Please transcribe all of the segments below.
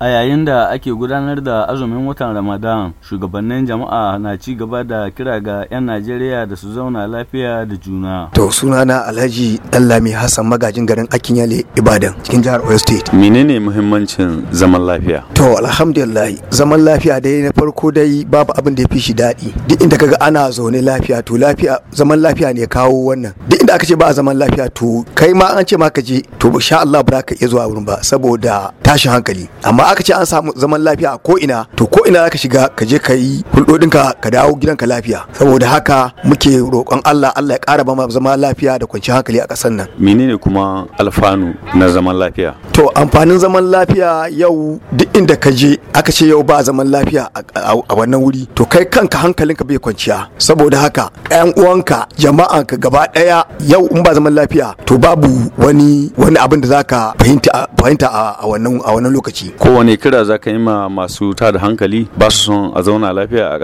A yayin da ake gudanar da azumin watan Ramadan, shugabannin jama'a na ci gaba da kira ga 'yan Najeriya da su zauna lafiya da juna. To na Alhaji Dallami Hassan magajin garin Akinyale Ibadan cikin jihar Oyo State. Menene muhimmancin zaman lafiya? To alhamdulillah zaman lafiya dai na farko dai babu abin da ya fi shi daɗi. Duk inda kaga ana zaune lafiya to lafiya zaman lafiya ne kawo wannan. Duk inda aka ce ba a zaman lafiya to kai ma an ce ma ka je to sha Allah ba za ka iya zuwa wurin ba saboda tashin hankali. Amma Ba aka ce an samu zaman lafiya a ina, to ko ina zaka shiga ka je ka yi hulɗoɗinka ka dawo gidanka lafiya saboda haka muke roƙon Allah Allah ya ƙara ba zama lafiya da kwanciyar hankali a ƙasar nan menene kuma alfanu na zaman lafiya to amfanin zaman lafiya yau duk inda ka je aka ce yau ba zaman lafiya a wannan wuri to kai kanka hankalinka bai kwanciya saboda haka yan uwanka jama'anka gaba daya yau in ba zaman lafiya to babu wani wani abin da zaka fahimta fahimta a wannan a wannan lokaci wani kira zaka yi ma masu tada hankali ba su son a zauna lafiya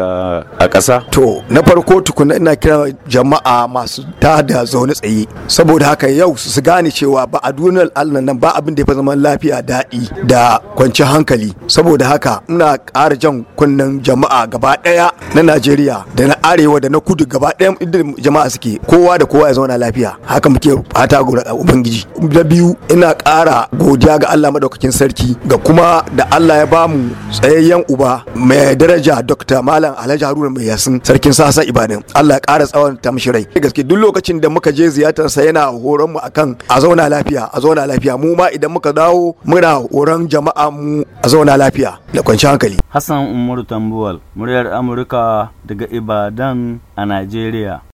a ƙasa to na farko tukuna ina kira jama'a masu tada zaune tsaye saboda haka yau su gane cewa ba a duniyar nan ba abin da ya zaman lafiya daɗi da kwanci hankali saboda haka ina ƙara jan kunnen jama'a gaba ɗaya na najeriya da na arewa da na kudu gaba ɗaya inda jama'a suke kowa da kowa ya zauna lafiya haka muke fata da ubangiji na biyu ina ƙara godiya ga allah maɗaukakin sarki ga kuma da allah ya bamu tsayayyen uba mai daraja dr malam alhaji haruna mai yasin sarkin sasa ibadan allah ya ƙara tsawon ta mishi rai gaske duk lokacin da muka je ziyartarsa yana horon mu akan a zauna lafiya a zauna lafiya mu ma idan muka ta dawo muna wurin jama'a mu a zauna lafiya da kwanci hankali hassan umaru tambuwal muryar amurka daga ibadan a najeriya